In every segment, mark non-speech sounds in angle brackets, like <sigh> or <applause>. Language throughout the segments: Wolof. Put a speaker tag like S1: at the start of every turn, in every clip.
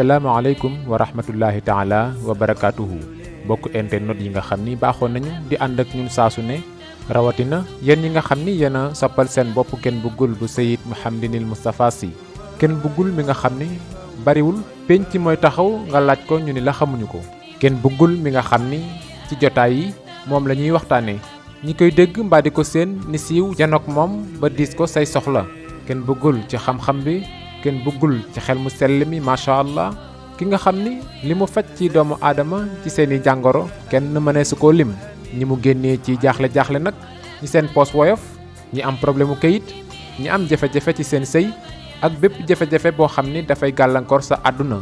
S1: Assalamualaikum warahmatullahi taala wabarakatuh. barakaatuhu bokk internet yi nga xamni baxon nañu di and ak ñun saasu ne rawatina yéen yi nga xamni ni yéen sen bop ken bu gul bëggul bu sayid muhammadinil mustafa si bu gul mi nga xamni bari wul penc moy taxaw nga laaj ko ñu ni la xamuñu ko bu gul mi nga xamni ci jotaay yi mom lañuy waxtane ñi koy degg mba di ko sen ni siiw janok mom ba dis ko say soxla bu gul ci xam-xam bi Ken bugul ci xel mu sel mi sha allah ki nga xamni Limu li ci doomu Ken ci seeni ken na mënee su ko lim ñi mu génnee ci jaaxle jaaxle nak ñi seen poos woyof ñi am problème kayit ñi am jafé jafé ci seen sey ak bép jafé jafé bo xamni da fay galankor sa aduna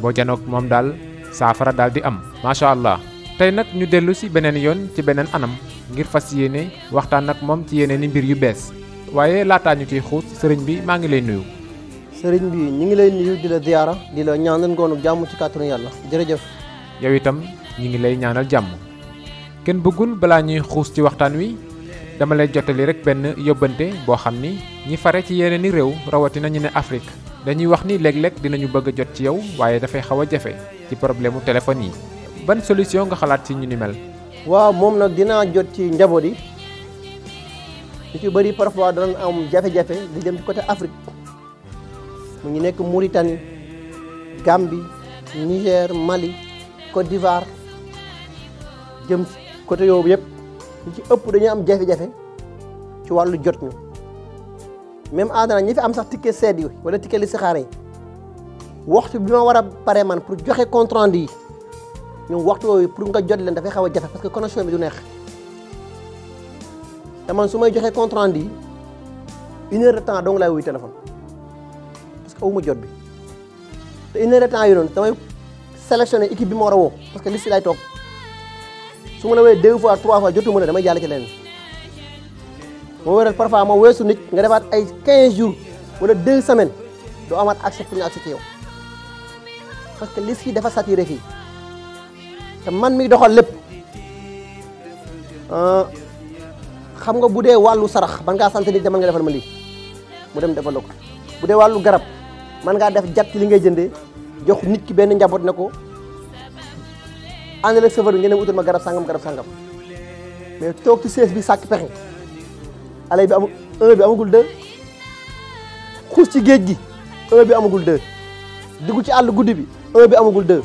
S1: bo janok mom dal safara dal di am sha allah tay nak ñu dellu ci benen yoon ci benen anam ngir fas yéene waxtaan nak mom ci yeneen i mbir yu bes waye mangilenu. ñu ci xoot serigne bi ma ngi lay nuyu
S2: sëriñ bi ñi ngi lay nuyu di la ziyaara di la ñaanal ngonu jamm ci kàttanu yàlla
S1: jërëjëf yow itam ñi ngi lay ñaanal jamm kenn bëggul bala ñuy xuus ci waxtaan wi dama lay jotali rek benn yóbbante boo xam ni ñi fare ci yeneen i réew rawati nañu ne afrique dañuy wax ni léeg-léeg dinañu bëgg jot ci yow waaye dafay xaw a jafe ci problème téléphone yi ban solution nga xalaat ci ñu ni mel
S2: waaw moom nag dinaa jot ci njaboot yi ci bëri parfois danañ am jafe-jafe di dem ci côté afrique mu ngi nekk Mauritanie Gambie Niger Mali Côte d'Ivoire jëm côté yooyu yëpp ñu ci ëpp dañuy am jafe-jafe ci wàllu jot ñu même aadana ñi fi am sax ticket sedd yi wala ticket listixaar yi waxtu bi ma war a pare man pour joxe compte yi ñoom waxtu woowu pour nga jot leen dafay xaw a jafe parce que connexion bi du neex te su may joxe compte yi une heure de temps dong laay wuy téléphone ma jot bi te une heure de temps yu noonu damay équipe bi ma war a woo parce que liste laay toog su ma la wooyee deux fois trois fois jotu ma la damay jàll ci leneen moo waral parfois ma weesu nit nga defaat ay 15 jours wala 2 semaines doo amaat accès pour parce que liste yi dafa satire fii te man mi doxal lépp ah, xam nga bu dee wàllu sarax ban ngaa sant nit demal nga defal ma lii mu dem defal bu dee wàllu garab. mën ngaa def jat li ngay jëndee jox nit ki benn njaboot ne ko ànd ak safar bi ngeen utal ma garab sangam garab sangam mais toog ci sees bi sàkk pexe alay bi amul un bi amagul deux xuus ci géej gi un bi amagul deux dugg ci àll guddi bi un bi amagul deux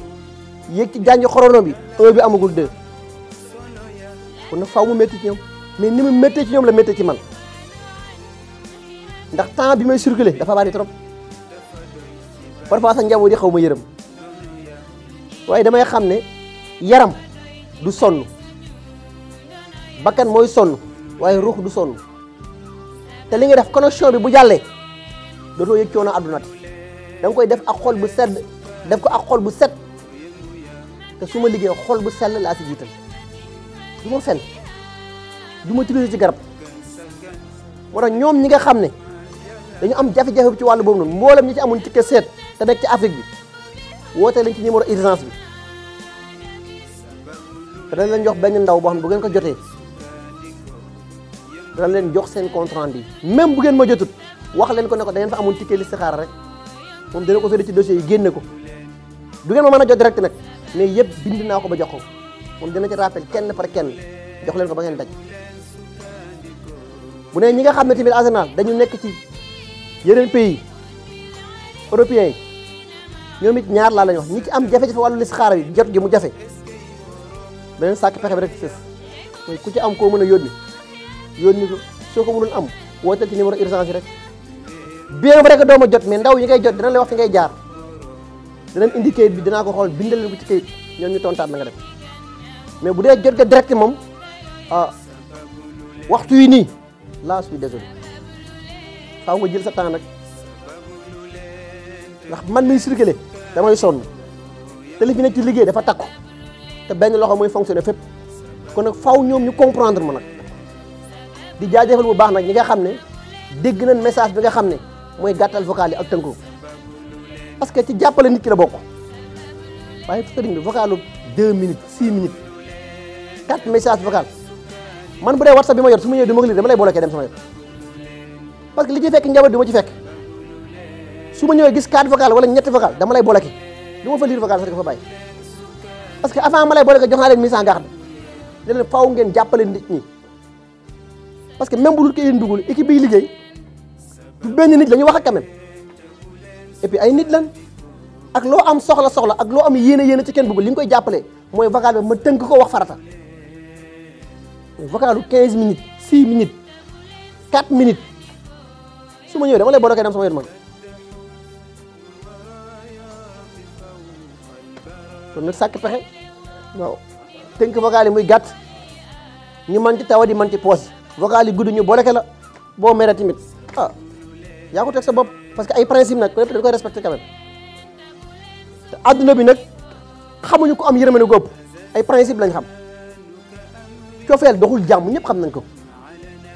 S2: yéeg ci jànj xorono bi un bi amagul deux kon nag mu métti ci ñoom mais ni mu méttee ci ñoom la méttee ci man ndax temps bi may circulé dafa bari trop. parfois sax njaboot yi xaw ma yërëm waaye damay xam ne yaram du sonn bakkan mooy sonn waaye ruux du sonn te li nga def connexion bi bu jàllee dootoo yëg coono àdduna da nga koy def ak xol bu sedd def ko ak xol bu set te su ma liggéey xol bu sell laa si jiital du ma fen du ma utilisé ci garab moo tax ñoom ñi nga xam ne dañu am jafe-jafe bi ci wàllu boobu noonu mboolam ñi ci amuñ tikke seet te nekk ci Afrique bi woote lañ ci numéro urgence bi te dañ leen jox benn ndaw boo xam ne bu ngeen ko jotee dana leen jox seen compte rendu yi même bu ngeen ma jotut wax leen ko ne ko da ngeen fa amoon ticket listixaar rek moom dana ko sori ci dossier yi génne ko du ngeen ma mën a jot direct nag mais yëpp bind naa ko ba jox ko moom dina ci rappel kenn par kenn jox leen ko ba ngeen daj bu ne ñi nga xam ne tamit Arsenal dañu nekk ci yeneen pays européens ñoom it ñaar laa lañ wax ñi ci am jafe-jafe wàllu listixaara bi jot gi mu jafe beneen sàkk pexe bi rek sës ku ci am koo mën a yónni yónni ko soo ko mënul am wooteel ci numéro urgence yi rek bien vrai que doo ma jot mais ndaw yi ngay jot dina lay wax fi ngay jaar dinañ indi kayit bi dinaa ko xool bindal leen ko ci kayit ñoom ñu tontaat na nga mais bu dee jot ga direct moom ah waxtu yi nii laa suy désolé faaw nga jël sa temps nag ndax man miy circulé damay sonn te li fi ci liggéey dafa takku te benn loxo mooy fonctionné fépp kon nag faw ñoom ñu comprendre ma nag di jaajëfal bu baax nag ñi nga xam ne dégg nañ message bi nga xam ne mooy gàttal vocal yi ak tënku parce que ci jàppale nit ki la bokk waaye vocalu deux minutes six minutes message vocal man bu dee bi ma yor su ma ñëwee du ma ko lire dama lay li ci fekk njaboot du ma ci fekk. su ma ñëwee gis quatre vocal wala ñetti vocal dama lay bloqué lu ma fa lire vocal sax di ko fa bàyyi parce que avant ma lay bloqué jox naa leen mise en garde leen faaw ngeen jàppale nit ñi parce que même bu dul kii ndugul équipe bi liggéey du benn nit la ñu wax ak quand même et ay nit lan ak loo am soxla soxla ak loo am yéene yéene ci kenn bëgg li nga koy jàppale mooy vocal bi ma tënk ko wax farata vocalu 15 minutes 6 minutes 4 minutes su ma ñëwee kon nag sàkk pexe waaw tënk muy gàtt ñu manti tawa di man ci poos vocal yi gudd ñu booleke la boo mere tamit ah yaa ko teg sa bopp parce que ay principe nag peut-être dañ koy respecté quand bi nag xamuñu ko am yërmande góob ay principe lañ xam cofeel doxul jàmm ñëpp xam nañ ko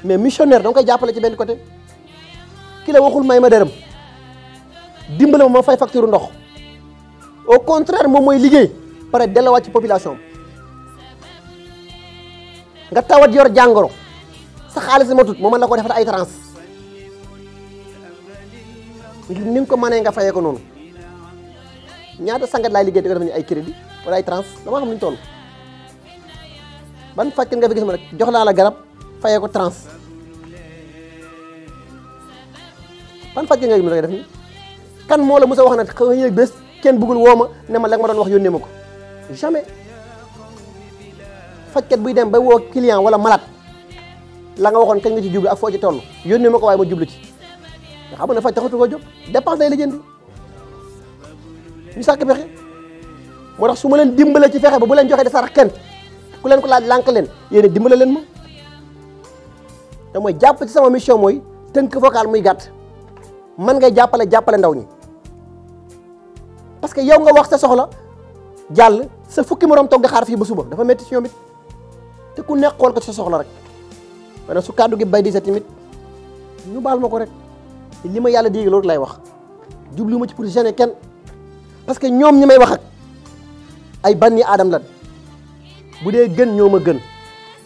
S2: mais missionnaire da nga koy jàppale ci benn côté ki la waxul may ma dërëm dimbale ma fay facture ndox au contraire moom mooy liggéey pare delluwaat ci population nga tawat yor jàngoro sa xaalis matut moom la ko defal ay trans ni ko mënee nga fayee ko noonu ñaata sangat laay liggéey di ko def ni ay crédit wala ay trans dama xam ni ñu ban fàcc nga fi gis ma nag jox laa la garab fayee ko trans ban fàcc nga gis def ni kan moo la musa a wax nag xëy na bés. kenn bëggul woo ma ne ma la ma doon wax yónnee ma ko jamais fajkat buy dem ba woo client wala malaat la nga waxoon kañ nga ci jublu ak foo ci toll yónnee ma ko waaye ma jublu ci nga xam ne faj taxatu ko jóg dépense lay la jëndi ñu sàkk pexe moo tax su ma leen dimbale ci fexe ba bu leen joxee de sarax kenn ku leen ko laaj lànk leen yéen dimbale leen ma te jàpp ci sama mission mooy tënk vocal muy gàtt man ngay jàppale jàppale ndaw ñi parce que yow nga wax sa soxla jàll sa fukki moroom toog di xaar fii ba suba dafa métti si ñoom te ku nekk xool ko sa soxla rek maanaam su kàddu gi bay di sa tamit ñu baal ma ko rek li ma yàlla dégg loolu lay wax jublu ma ci pour gêner kenn parce que ñoom ñi may wax ak ay banni aadam lan bu dee gën ñoo ma gën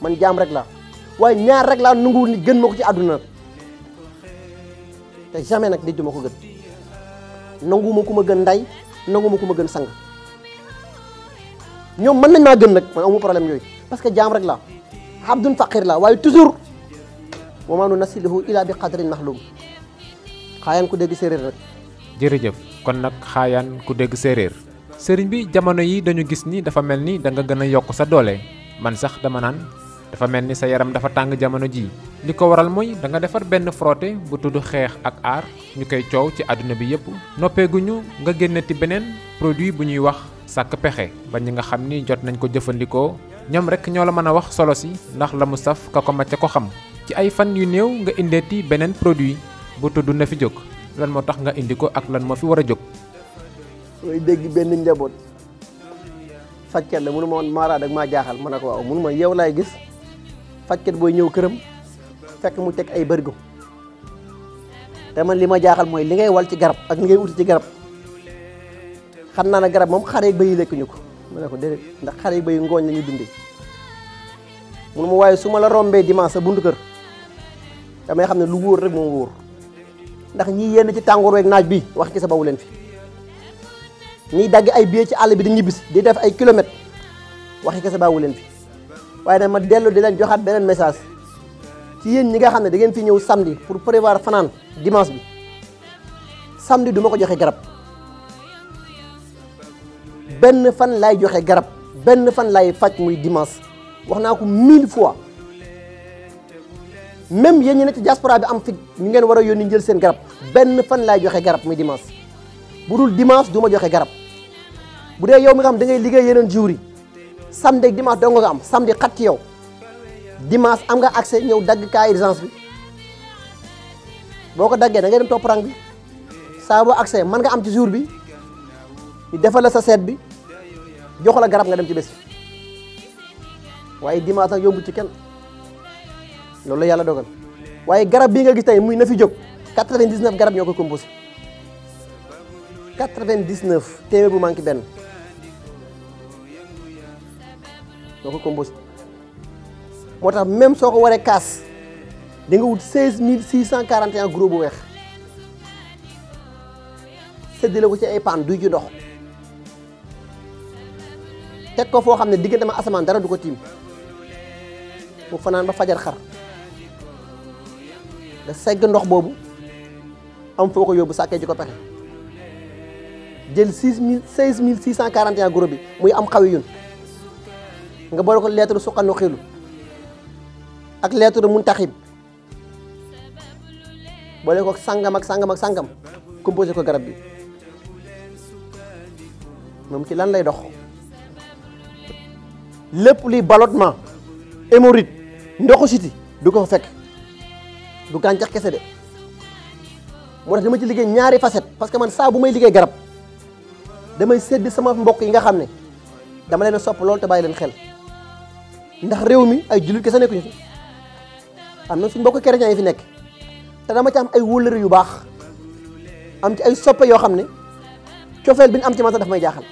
S2: man jaam rek laa waaye ñaar rek laa nanguwul ni gën ma ko ci àdduna te jamais nag di ma ko gën nanguwuma ku ma gën nday nangu ma ku ma gën sang ñoom mën nañ maa gën nag man amu problème yooyu parce que jaam rek la abdun faqir la waaye toujours wa maa nu nasiluhu ila bi qadrin maxlum xaayaan ku dégg séeréer rek
S1: jërëjëf kon nag xaayaan ku dégg séeréer sëriñ bi jamono yi dañu gis ni dafa mel ni danga gën a yokk sa doole man sax dama naan dafa melni saya sa yaram dafa tang jamono ji liko waral moy da nga defar ben frotté bu tuddu xex ak ar ñu koy coow ci aduna bi yépp guñu nga gennati benen produit bu ñuy wax sak pexé ba ñi nga xamni jot nañ ko jëfëndiko ñom rek ñoo la mëna wax solo si ndax la mu ka ko macca ko xam ci ay fan yu néew nga indeeti benen produit bu tuddu na fi jóg lan mo tax nga indiko ak lan mo fi wara a
S2: way dégg ben njabot sàcceel la mënu ma woon maaraad ak jaaxal ma waaw mënu ma yow lay gis fajkat booy ñëw këram fekk mu teg ay bërgo te man li ma jaaxal mooy li ngay wal ci garab ak li ngay uti ci garab xam naa ne garab moom xare yi bëy lekkuñu ko mu ne ko déedéet ndax xare yi bëy ngooñ lañuy ñu dundee mun ma waaye su ma la rombee dimanche sa buntu kër damay xam ne lu wóor rek moom wóor ndax ñii yenn ci tàngoor weeg naaj bi wax ci sa bawu leen fi ñiy dagg ay biyee ci àll bi di ñibbisi di def ay kilomètres waxi kese baawu leen fi waaye nag ma dellu di leen joxaat beneen message ci yéen ñi nga xam ne da ngeen fi ñëw samedi pour prévoir fanaan dimanche bi samedi duma ko joxe garab benn fan laay joxe garab benn fan laay faj muy dimanche wax naa ko mille fois même yéen ñi ne ci diaspora bi am fi ñu ngeen war a yónni jël seen garab benn fan lay joxe garab muy dimanche bu dul dimanche du ma joxe garab bu dee yow mi nga xam da ngay liggéey yeneen jour samedi ak dimanche dong nga am samedi xat ci yow dimanche am nga accès ñëw dagg cas urgence bi boo ko daggee da dem topp rang bi saa boo accès mën nga am ci jour bi ñu defal la sa set bi jox la garab nga dem ci bés waaye dimanche nag yombu ci kenn loolu la yàlla dogal waaye garab bii nga gis tey muy na fi jóg 99 garab ñoo ko composé 99 téeméer bu manqué benn. doo ko moo tax même soo ko waree kaas da nga wut seize mille six cent quarante et bu weex séddale ko ci ay paan duy ji ndox teg ko foo xam ne diggante ma asamaan dara du ko tiim mu fanaan ba fajar xar da segg ndox boobu am foo ko yóbbu sàkkee ji ko pexe jël six mille seize mille six cent quarante et un bi muy am xawi yun nga boro ko leetaru suqanu xilu ak lettre muntakhib boole ko sangam ak sangam ak sangam composé ko garab bi mom ci lan lay dox lepp li ballottement eh, hémorite ndoxu siti du ko fek du gàncax kese de mo tax dama ci liggé ñaari facette parce que man sa bu may liggé garab damay sédd sama mbokk yi nga xamné dama leena sop lol te xel ndax réew mi ay jullit kese nekkuñu fi am na suñ mbokk chrétien yi fi nekk te dama ci am ay wóllëre yu baax am ci ay soppe yoo xam ne cofeel bi ñu am ci man sax daf may jaaxal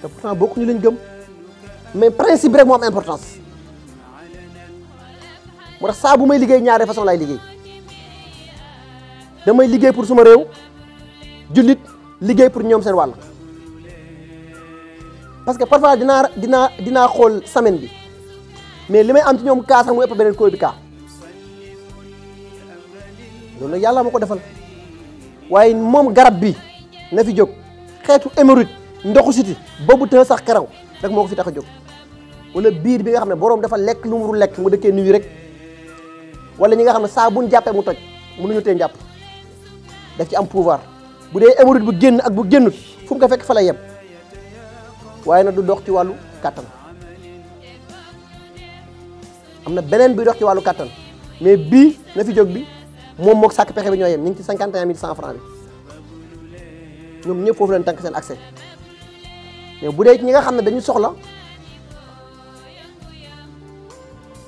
S2: te pourtant bokkuñu liñ gëm mais principe rek moo am importance moo tax saa bu may liggéey ñaare façon laay liggéey damay liggéey pour suma réew jullit liggéey pour ñoom seen wàll parce que parfois dinaa dinaa dinaa xool semaine bi mais li may am ci ñoom kaa sax mu ëpp beneen koo bi kaa loolu nag yàlla moo ko defal waaye moom garab bi na fi jóg xeetu émérite ndoxu siti boobu të sax karaw rek moo ko fi tax a jóg wala biir bi nga xam ne boroom dafa lekk lu mu lekk mu dëkkee nuyu rek wala ñi nga xam ne saa buñ jàppee mu toj mënuñu tee jàpp daf ci am pouvoir bu dee émérite bu génn ak bu génnut fu mu ko fekk fa lay yem waaye nag du dox ci wàllu kàttan am na beneen bi dox ci wàllu kàttan mais bii na fi jóg bi moom mook sàkk pexe bi ñoo yem ñu ngi ci cinquante et un mille ñëpp foofu leen tànk seen accès mais bu dee ñi nga xam ne dañu soxla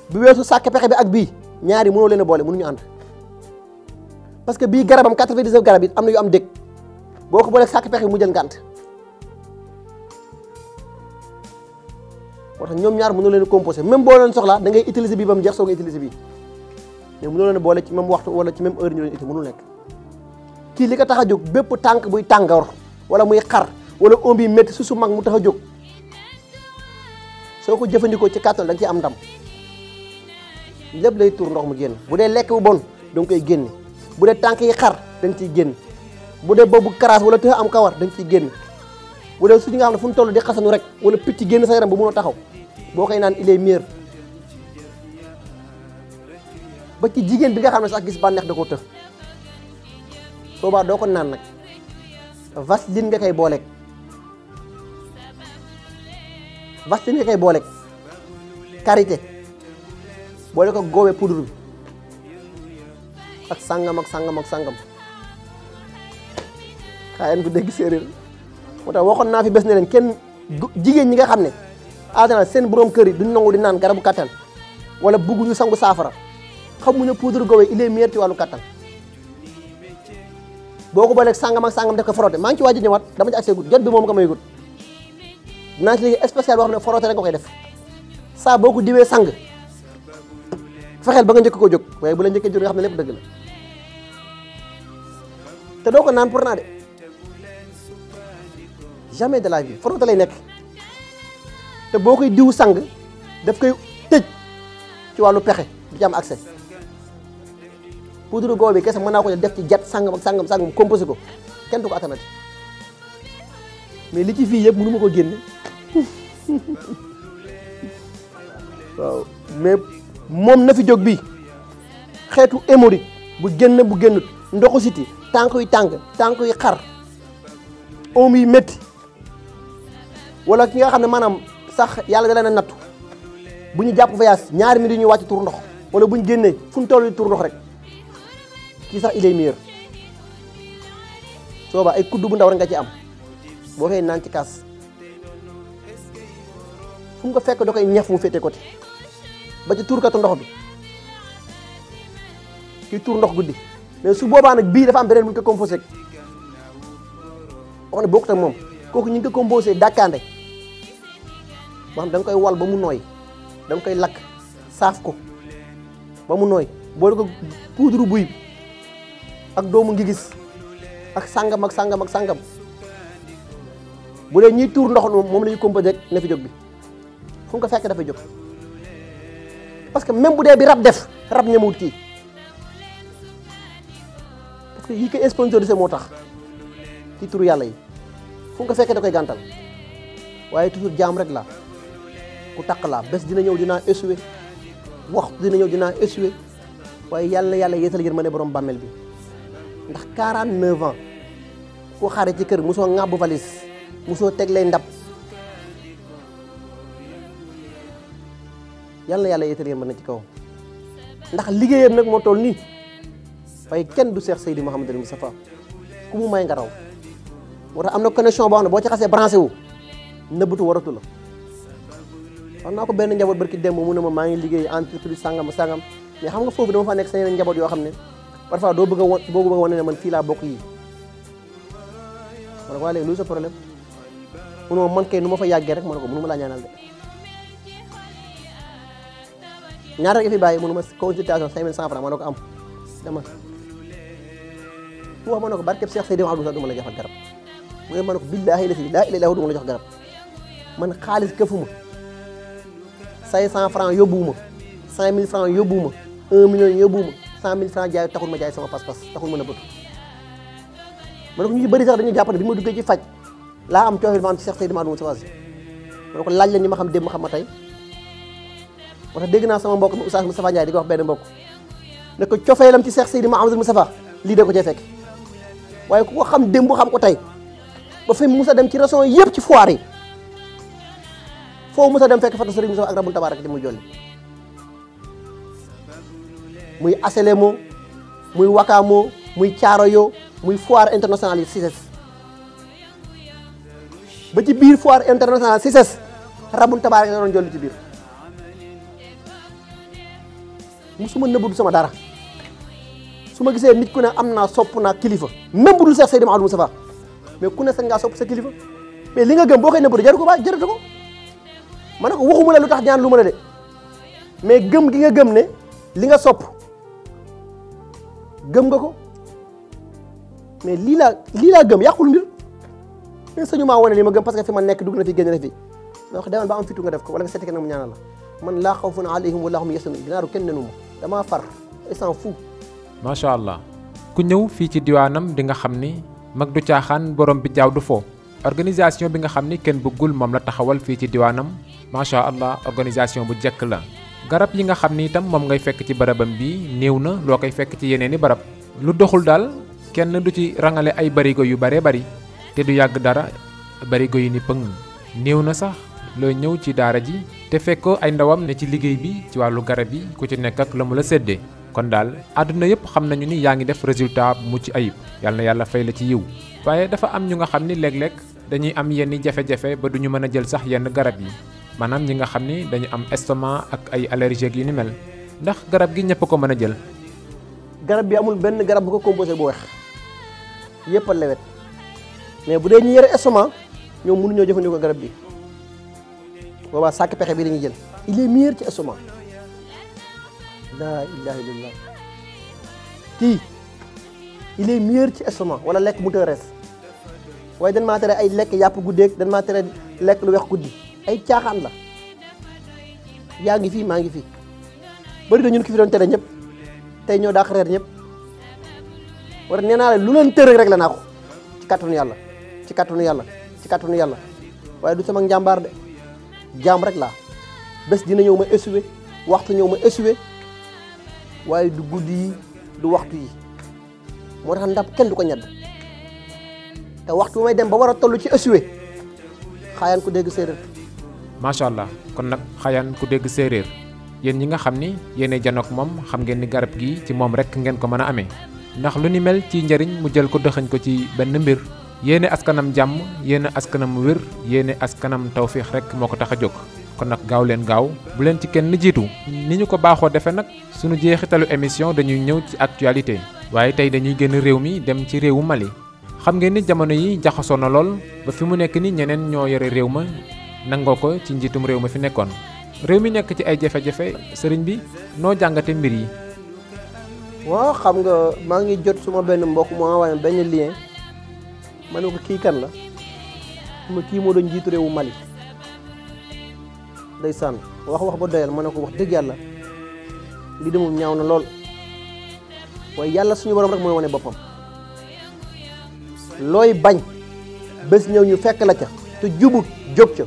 S2: bu weesu sàkk pexe bi ak bii ñaari mënoo leen a boole mënuñu ànd parce que bii garabam quatre-vingt-dix-neuf garab yi am na yu am dëkk boo ko booleeg sàkk pexe mu jël ngànt ñoom ñaar mënoo leen composé même boo leen soxlaa da ngay utiliser bii ba mu jeex soo nga utiliser bii mais mënoo leen boole ci même waxtu wala ci même heure ñu leen uti mënul nekk kii li ko tax a jóg bépp tànk buy tàngoor wala muy xar wala omb yi métti su su mag mu tax a jóg soo ko jëfandikoo ci kàttan da nga ciy am ndam lépp lay tur ndox mu génn bu dee lekk bu bon da nga koy génn bu dee tànk yi xar da ciy génn bu dee boobu karaas wala tëx am kawar da nga ciy génn bu dee suñu nga xam ne fu mu toll di xasanu rek wala picc génn sa yaram bu mun taxaw boo koy naan il est meilleur ba ci jigéen bi nga xam ne sax gis bànneex da koo tëx boobaa doo ko naan nag vaseline nga koy booleeg vaseline nga koy booleeg karité boole ko góobee poudre bi ak sangam ak sangam ak sangam xaaral bu dégg séeréer moo tax waxoon naa fi bes ne leen kenn jigéen ñi nga xam ne. aadana seen borom kër yi duñ nangu di naan garabu kattan wala bugguñu sangu saafara xamuñu ne poudre gowe il est meilleur ci wàllu kattan boo ko booleeg sangam ak sangam def ko frotté maa ngi ci waaj a ñëwaat dama ci accès gut jot bi moom nga may gut dinaa ci liggéey spécial boo ne frotté rek nga koy def saa boo ko diwee sang fexeel ba nga njëkk ko jóg waaye bu la njëkkee jóg nga xam ne lépp dëgg la te doo ko naan pour naa de jamais de la vie lay nekk. te boo koy diw sang daf koy tëj ci wàllu pexe du ci am accès poudre goo bi kese mën naa ko def ci jat sangam ak sangam sangam composé ko kenn du ko attanati mais li ci fii yëpp mënu ma ko génne <laughs> mais moom na fi jóg bi xeetu hémorroïde bu génn bu génnut ndoxu siti tànk yu tàng tànk yu xar oom yi métti wala ki nga xam ne maanaam sax yàlla da leen a nattu bu ñu jàpp voyage ñaari minutes ñuy wàcc tur ndox wala bu ñu génnee fu ñu toll tur ndox rek kii sax il est meilleur sooba ay kudd bu ndaw rek nga ci am boo koy naan ci kaas fu ko fekk da koy ñaf mu féete côté ba ci turkatu bi kii tur ndox guddi mais su boobaa nag bii dafa am beneen bu ñu ko composé wax moom kooku ñu ngi dàkkaande bo xam dang koy wal ba mu noy dang koy lak saaf ko ba mu nooy boole ko poudre buuy ak doomu ngi gis ak sangam ak sangam ak sangam bu ñi tour ndox mom lañu ñuy composé rek na fi jog bi fu nga ko fekk dafay jog parce que même bu bi rab def rab ñemewut ki parce que yi ko sponsorisé moo ci tour yalla yi fu nga ko fekk da koy gantal waye toujours jam rek la ku taq laa bés dina ñëw dinaa sue waxtu dina ñëw dinaa essuwe waaye yàlla yàlla na yàlla yeesal yërmande borom bàmmeel bi ndax 49 ans ku xare ci kër mosoo ŋàbb valise mosoo teg lay ndab yàlla na yàlla yeesal yërmande ci kaw ndax liggéeyam nag moo tool nii waaye kenn du Cheikh Seydi Mouhamadou Moustapha ku mu may nga raw moo tax am na connexion boo xam ne boo ci xasee branché wu nëbbatu waratu la wax naa ko benn njaboot barki démb mu ne ma maa ngi liggéey entreprise sangam sangam mais xam nga foofu dama fa nekk sa yeneen njaboot yoo xam ne parfois doo bëgg a doo bëgg a wane ne man fii bokk yi sa problème mu ne man kay nu ma fa yàggee rek ma ne ko mënuma laa ñaanal de ñaata fi bàyyi mënuma consultation cinq mille cent franc ma ne ko am dama wax ma ne ko barkeb Cheikh Seydou Abdou sax du ma la jox garab mu ne ma ne ko la jox garab man xaalis këfuma cinq cent franc yóbbuwuma cinq mille franc yóbbuwuma un million yóbbuwuma cent mille franc jaay taxul ma jaay sama pas-pas taxul ma nëbbatu ma ne ko ñu ci bëri sax dañu jàpp ma duggee ci faj laa am coofil ma am ci Cheikh Seydou Mamadou Moussa Sy ma ko laaj leen ñi ma xam démb ma xam ma tey moo tax dégg naa sama mbokk mi Oustaz Moustapha Ndiaye di ko wax benn mbokk ne ko cofeelam ci Cheikh ma Mamadou Moustapha lii de ko cee fekk waaye ko ko xam démb xam ko tey ba fi Moussa dem ci régions yëpp ci foire yi foo mos a dem fekk fata sëriñ Musaa ak rabul tabarak ci muy jolli muy Aselemo muy Wakamo muy Thiaroyo muy foire internationale yi ba ci biir foire internationale CICES rabul tabarak la doon jolli ci biir musuma nëbbadu sama dara su ma gisee nit ku ne am na sopp naa kilifa même bu dul Seex Seydi Mahmoud Moustapha mais ku ne sañ sopp sa kilifa mais li nga gëm boo koy nëbbadu jaru ko ba jaratu ko ma ko waxuma la lutax ñaan luma la de mais gëm gi nga gëm ne li nga sop gëm nga ko mais li la li la gëm yaqul mbir mais sañu ma woné li ma gëm parce que fi ma nek dug na fi gën na fi ma wax demal ba am fitu nga def ko wala nga seeti kenn mu ñaanal la man la khawfun alayhim wala hum yasun binaru kenn dama far et s'en fou
S1: sha allah ku ñew fi ci diwanam di nga xamni mag du tiaxan borom bi jaaw du fo organisation bi nga xamni ken bu gul mom la taxawal fi ci diwanam masha allah organisation bu jek la garab yi nga xamni tam mom ngay fekk ci barabam bi newna lo koy fekk ci yeneeni barab lu doxul dal kenn du ci rangale ay barigo yu bare bari te du yag dara barigo yi ni peng newna sax lo ñew ci dara ji te fekk ay ndawam ne ci liggey bi ci walu garab bi ku ci nekk ak la mu la sedde kon dal aduna yep xamnañu ni yaangi def resultat mu ci ayib yalla na yàlla fay la ci yiw waye dafa am ñu nga xamni leg leg dañuy am yenn jafe-jafe ba duñu mëna jël sax yenn garab yi manam ñi nga xamni ni dañu am estomac ak ay allergie ak yu ni mel ndax garab gi ñepp ko mëna jël
S2: garab bi amul benn garab bu ko composé bu wex yépp a lewet mais bu dé ñi yéré estomac ñoo mënu ñoo jëfëndiko garab bi boobaa sak pexé bi dañuy jël il est meilleur ci estomac la ilaha illallah kii il est meilleur ci estomac wala lek mu tërees way dañ ma téré ay lek yap guddé dañ ma téré lek lu wex guddi ay tiaxan la yaangi fi maangi fi bari do ñun ki fi doon téré ñep tay ñoo dàq reer ñep war neena la lu leen téré rek la naa ko ci katunu yalla ci katunu yalla ci katunu yalla waye du sama njàmbaar de jam rek la bes dina ñew ma essuwe waxtu ñew ma essuwe waye du gudi du waxtu yi moo tax ndab kenn du ko ñedd te waxtu may dem ba wara tollu ci xayan ko deg
S1: macha allah kon nak xayan ku deg séeréer yen ñi nga xamni yene janok mom xam ngeen ni garab gi ci mom rek ngeen ko mën amé ndax lu ni mel ci njariñ mu jël ko ko ci benn mbir yene askanam jam, yene askanam wir, yene askanam tawfiq rek moko taxa tax kon nak gaw leen gaw bu leen ci kenn jitu ni ñu ko baxo defé nak suñu jeexitalu émission dañuy ñëw ci actualité waye tay dañuy gën réew mi dem ci réewu mali xam ngeen ni jamono yi na lol ba fi mu ni ñeneen ñoo yore réew nangoo ko ci njiitum réew ma fi nekkoon réew mi nekk ci ay jafe-jafe sëriñ bi noo jàngate mbir yi
S2: waaw xam nga maa ngi jot suma benn mbokk mu envoyé benn lien ma ne ko kii kan la ma kii moo doon jiitu réewu mali day sànn wax wax ba doyal ma ne ko wax dëgg yàlla li de ñaaw na lool waaye yàlla suñu borom rek mooy wane boppam looy bañ bés ñëw ñu fekk la ca te jubut jóg ca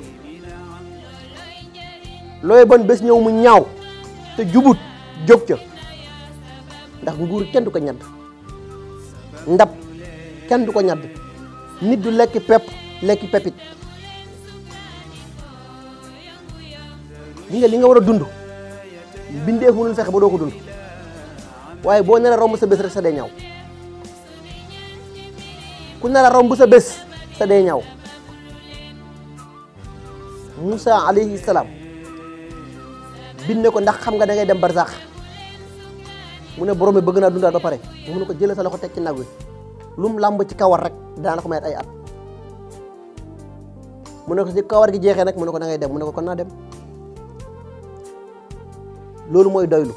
S2: looy bon bés ñëw mu ñaaw te jubut jóg ca ndax nguur kenn du ko ñadd ndab kenn du ko ñadd nit du lekk pepp lekk pepit li nga li nga war a dund bindeef mënul fexe ba doo ko dund waaye boo nar a romb sa bés rek sa day ñaw ku nar romb sa bés sa day ñaaw Moussa alayhi salaam binne ko ndax xam nga da ngay dem barzakh mu ne borom bi bëgg na dundal ba pare mu ne ko jëlee sa loxo teg ci nagui lum lamb ci kawar rek na ko mayat ay at mu ne ko ci kawar gi jeexee nak mu ne ko da ngay dem mu ne ko kon na dem loolu moy doylu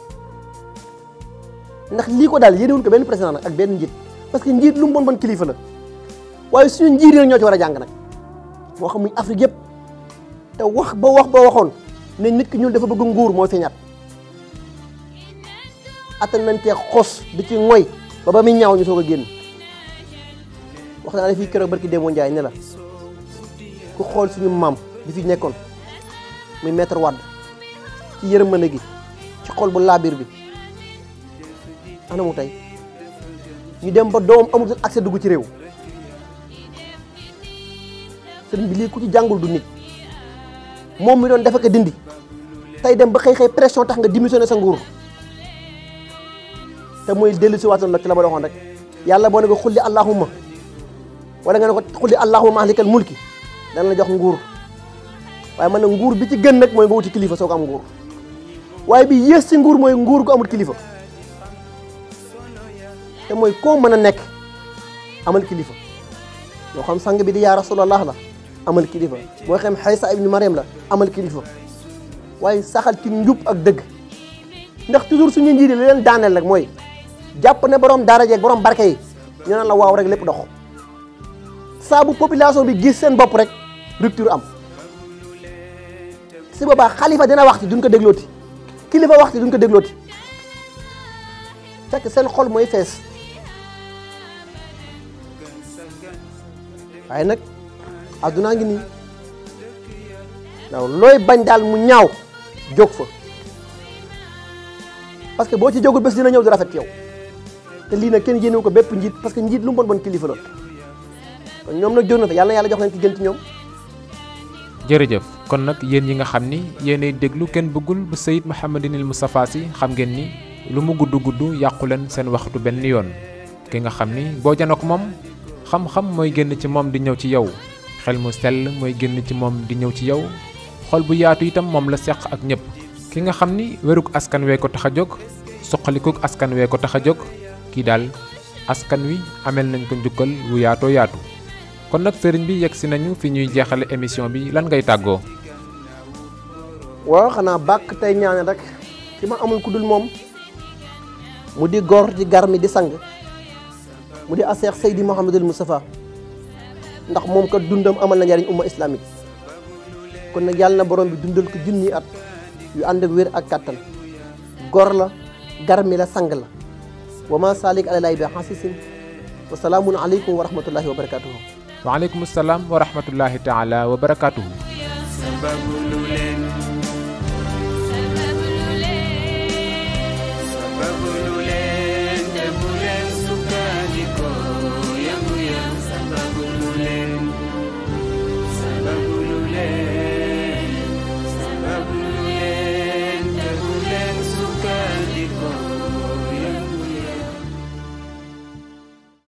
S2: ndax lii ko yene won ko ben président nak ak ben njit parce que njit lum bon bon kilifa la waaye suñu njiit yi ñoo ci wara jang nak nag xam muy afrique yëpp te wax ba wax ba ne nit ki ñun dafa bëgg nguur mo fi ñatt atal nañ cee xoss di ci ngoy ba ba mi ñaaw ñu soga genn wax na la fi keroog barki demo ndjay ne la ku xol suñu mam bi fi nekkon muy maître wad ci yërmande gi ci xol bu labir bi mu tay ñu dem ba doom amul accès dugg ci réew sëñ bi li ku ci jangul du nit moom mi doon dafa ko dindi tey dem ba xëy xëy pression tax nga démissionné sa nguur te muy dellu si waatoon nag ci la ma doxoon rek yàlla boo ne ko xulli allahumma wala nga ne ko xulli allahumma ahlikal mulki dana la jox nguur waaye man na nguur bi ci gën nag mooy nga wuti kilifa soo ko am nguur waaye bi yées si nguur mooy nguur gu amul kilifa te mooy koo mën a nekk amal kilifa yoo xam sang bi di yaa rasulallah la amal kilifa moo xam xaysa ibni mariam la amal kilifa waaye saxal ci njub ak dëgg ndax toujours suñu njiit yi li leen daaneel nag mooy jàpp ne borom daara jeeg borom barke yi ñu naan la waaw rek lépp dox saabu population bi gis seen bopp rek rupture am si boobaa xalifa dina wax ci duñ ko déglooti kilifa wax ci duñ ko déglooti fekk seen xol mooy fees waaye nag. aduna ngi ni daw loy bañ dal mu ñaaw jog fa parce que bo ci jogul bes dina ñëw di rafet yow te li na kenn yéenewu ko bépp njit parce que njit lu bon bon kilifa la kon ñom nak jóg na fa yalla yalla jox leen ci
S1: jërëjëf kon nak yeen yi nga xamni ni deglu déglu kenn bëggul bu sayid al mustafa si xam ngeen ni lu mu guddu guddu yàqu leen waxtu ben yoon ki nga xamni bo janok mom xam-xam moy genn ci mom di ñew ci yow xel mu sell mooy génn ci moom di ñëw ci yow xol bu yaatu itam moom la seq ak ñëpp ki nga xam ni wéruk askan wee ko tax a jóg askan wee ko tax a jóg askan wi amel nañ ko njukkal wu yaatoo yaatu kon nag sëriñ bi yegg si nañu fi ñuy jeexale émission bi lan ngay tàggoo
S2: waaw xanaa bàkk tey ñaane rek ki ma amul kudul mom. moom mu di gor di garmi di sang mu di aseex seydi mouhamadul moustapha ndax moom kat dundam amal na njariñ umma islamique kon nag yàlla na borom bi dundal ko junni at yu ànd ak wér ak kàttan gor la garmi la sang la wa ma salik alalay bi xasisin wa salaamun aleykum wa rahmatullahi wa barakatuhu
S1: waaleykum salaam wa rahmatullahi taala wa barakatuhu